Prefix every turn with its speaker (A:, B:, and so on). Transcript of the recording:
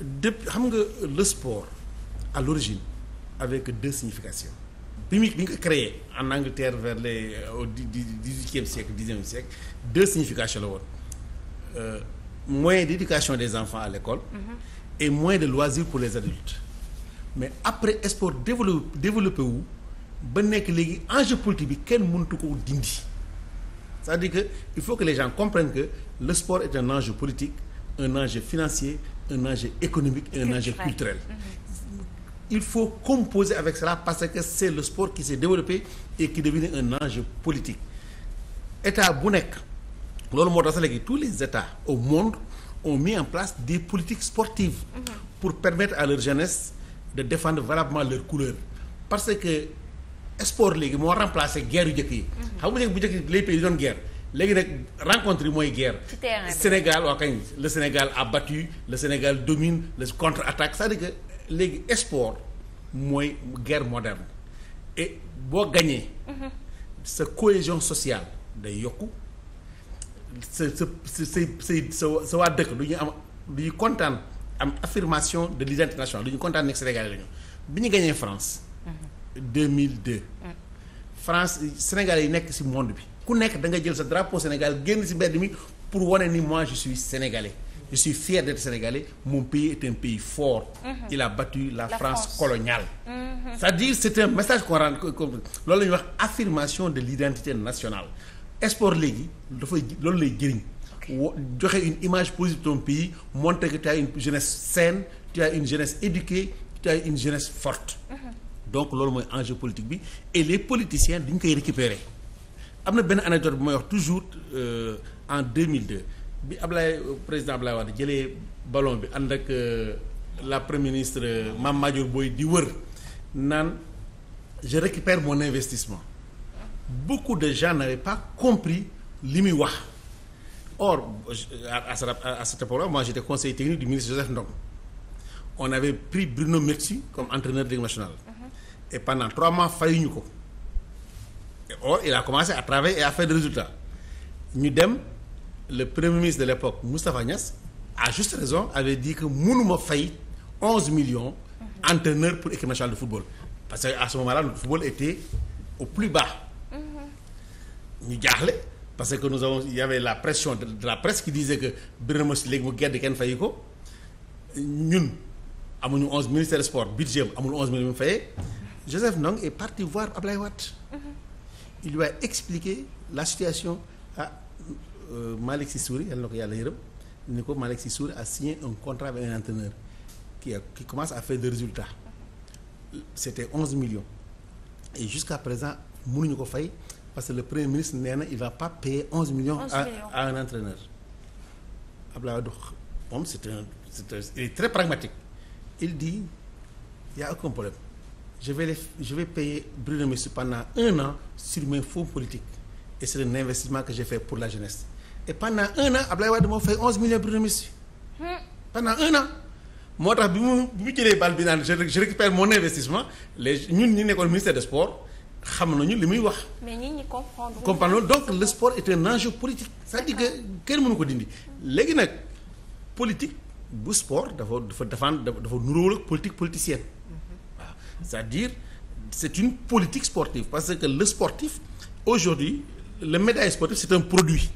A: depuis xam nga le sport à l'origine avec deux significations bi mu bi nga ko créé en Angleterre vers les euh, au dix-huitième siècle dix-neuvième siècle deux significations la woon euh, moyen d'éducation des enfants à l'école mm-hmm. et moyen de loisirs pour les adultes mais après sport développé développé wu ba nekk léegi enjeu politique bi kenn mënatu ko dindi c'est-à-dire que il faut que les gens comprennent que le sport est un enjeu politique un enjeu financier un enjeu économique et un enjeu culturel mm-hmm. il faut composer avec cela parce que c'est le sport qui s'est développé et qui devient un enjeu politique état bu nekk loolu moo tax léegi tous les états au monde ont mis en place des politiques sportives mm-hmm. pour permettre à leur jeunesse de défendre valablement leur couleur parce que sport léegi moo remplacé guerre yu njëkk yi mm-hmm. xam nga bu njëkk les pays doon guerre léegi nag rencontre mooy guerre. Sénégal waa kañ le Sénégal a battu le Sénégal domine le contre attaque cest à que léegi sport mooy guerre moderne et boo gañee mhm. sa cohésion sociale day yokku sa sa sa sa sa waa dëkk du ñu am du kontaan am affirmation de l'identité nationale du ñu kontaan nekk Sénégal lañu bi ñu gañee France. 2002. Mhm. Mhm. France Sénégal yi nekk ci monde bi. ku nekk da nga jël sa drapeau Sénégal génn si mbedd mi pour wone ni moi je suis sénégalais je suis fier d'être sénégalais mon pays est un pays fort. Mhm. il a battu la, la France, France coloniale. Mhm. c'est-à-dire c'est un message qu'on rend loolu la wax affirmation de l'identité nationale. export léegi dafay loolu lay jëriñ. joxe une image positive de ton pays montre que tu as une jeunesse saine tu as une jeunesse éduquée tu as une jeunesse forte. Mhm. donc loolu mooy enjeu politique bi et les politiciens dañ koy récupérer. am na benn anecdote bu may wax toujours euh, en 2002 bi Ablaye euh, président Ablaye Wade jëlee ballon bi ànd ak euh, la premier ministre Mame Madior Boye di wër naan je récupère mon investissement beaucoup de gens n'avaient pas compris li muy wax or à à cette époque-là moi j'étais conseiller technique du ministre Joseph Ndong on avait pris Bruno Metsu comme entraîneur de l'équipe nationale uh-huh. et trois mois fayuñu ko or il a commencé à travailler et à faire des résultats ñu dem le premier ministre de l'époque Moustapha Niass à juste raison avait dit que mënuma fay onze millions entraîneur pour équipe nationale de football parce que à ce moment-là le football était au plus bas mm-hmm. ñu jaaxle parce que nous avons il la pression de, de la presse qui disait que Birame Sy léegi mu gedd kenn fayi ko ñun amuñu onze ministère sport budget amul onze millions mu fayee Joseph Ndong est parti voir il lui a expliqué la situation ah euh, Malick Sissouri yàlla na ko yàlla yërëm ni ko Malick Sissouri a signé un contrat avec un entraîneur qui a, qui commence à faire des résultats c'était onze millions et jusqu'à présent mënuñu ko fay parce que le premier ministre nee na il va pas payer onze millions à, à un entraîneur Abdoulaye Wade moom c'est un c'est un il est très pragmatique il dit il aucun problème je vais les je vais payer Bruno Messi pendant un an sur mes fonds et c'est un investissement que j'ai fait pour la jeunesse et pendant un an Ablaye Wade moo fay 11 millions Bruno Messi pendant un an moo tax bi mu bi mu jëlee bal bi naan je récupère mon investissement le ñun ñu nekkoon ministère des sports xam nañu li muy wax. mais ñi ñi comprendre. comprendre loolu donc le sport est un enjeu politique. cest à kenn mënu ko dindi. léegi nag politique bu sport dafa dafa dafa dafa nuróol ak politique politicienne. Mhm. c'est-à-dire c'est une politique sportive parce que le sportif aujourd'hui le médaille sportive c'est un produit